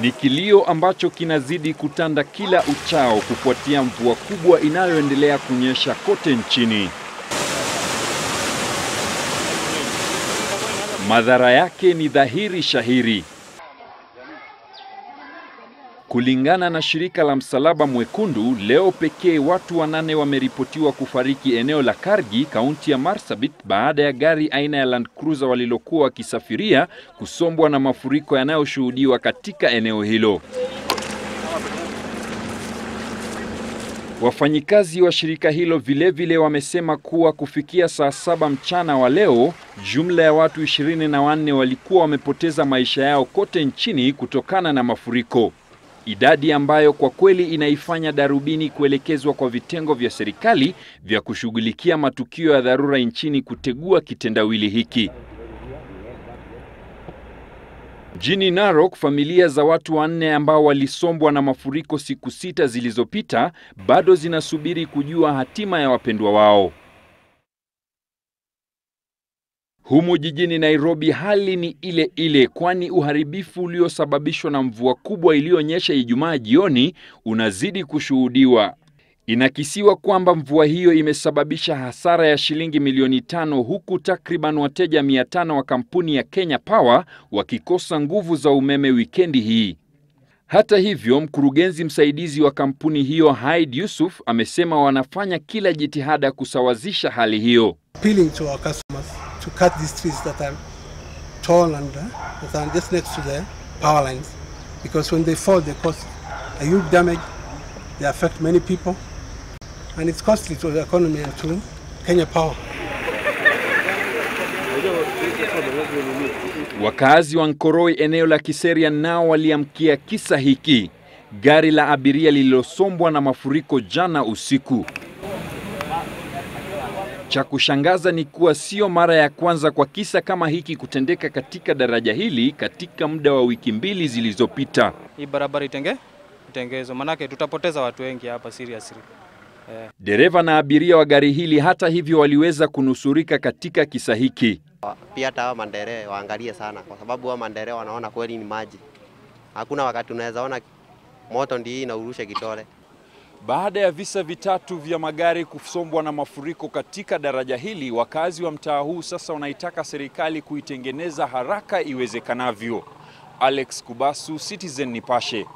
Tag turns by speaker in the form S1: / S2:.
S1: Ni kilio ambacho kinazidi kutanda kila uchao kufuatia mvua kubwa inayoendelea kunyesha kote nchini. Madhara yake ni dhahiri shahiri. Kulingana na shirika la Msalaba Mwekundu, leo pekee watu wanane wameripotiwa kufariki eneo la Kargi, kaunti ya Marsabit, baada ya gari aina ya Land Cruiser walilokuwa wakisafiria kusombwa na mafuriko yanayoshuhudiwa katika eneo hilo. Wafanyikazi wa shirika hilo vilevile vile wamesema kuwa kufikia saa saba mchana wa leo, jumla ya watu 24 walikuwa wamepoteza maisha yao kote nchini kutokana na mafuriko idadi ambayo kwa kweli inaifanya darubini kuelekezwa kwa vitengo vya serikali vya kushughulikia matukio ya dharura nchini kutegua kitendawili hiki. jini Narok, familia za watu wanne ambao walisombwa na mafuriko siku sita zilizopita bado zinasubiri kujua hatima ya wapendwa wao. Humu jijini Nairobi hali ni ile ile, kwani uharibifu uliosababishwa na mvua kubwa iliyonyesha Ijumaa jioni unazidi kushuhudiwa. Inakisiwa kwamba mvua hiyo imesababisha hasara ya shilingi milioni tano huku takriban wateja mia tano wa kampuni ya Kenya Power wakikosa nguvu za umeme wikendi hii. Hata hivyo, mkurugenzi msaidizi wa kampuni hiyo Haid Yusuf amesema wanafanya kila jitihada kusawazisha hali hiyo.
S2: Appealing to our customers to cut these trees that are tall and uh, that are just next to the power lines because when they fall they cause a huge damage, they affect many people and it's costly to the economy and to Kenya Power.
S1: Wakazi wa Nkoroi eneo la Kiseria nao waliamkia kisa hiki, gari la abiria lililosombwa na mafuriko jana usiku. Cha kushangaza ni kuwa sio mara ya kwanza kwa kisa kama hiki kutendeka katika daraja hili katika muda wa wiki mbili zilizopita.
S3: Hii barabara itenge itengezwe, manake tutapoteza watu wengi hapa seriously.
S1: Yeah. Dereva na abiria wa gari hili hata hivyo waliweza kunusurika katika kisa hiki.
S4: Pia hata hao mandere waangalie sana, kwa sababu hao mandere wanaona kweli ni maji. Hakuna wakati unaweza ona moto ndio inaurusha kitole.
S1: Baada ya visa vitatu vya magari kusombwa na mafuriko katika daraja hili, wakazi wa mtaa huu sasa wanaitaka serikali kuitengeneza haraka iwezekanavyo. Alex Kubasu, Citizen Nipashe.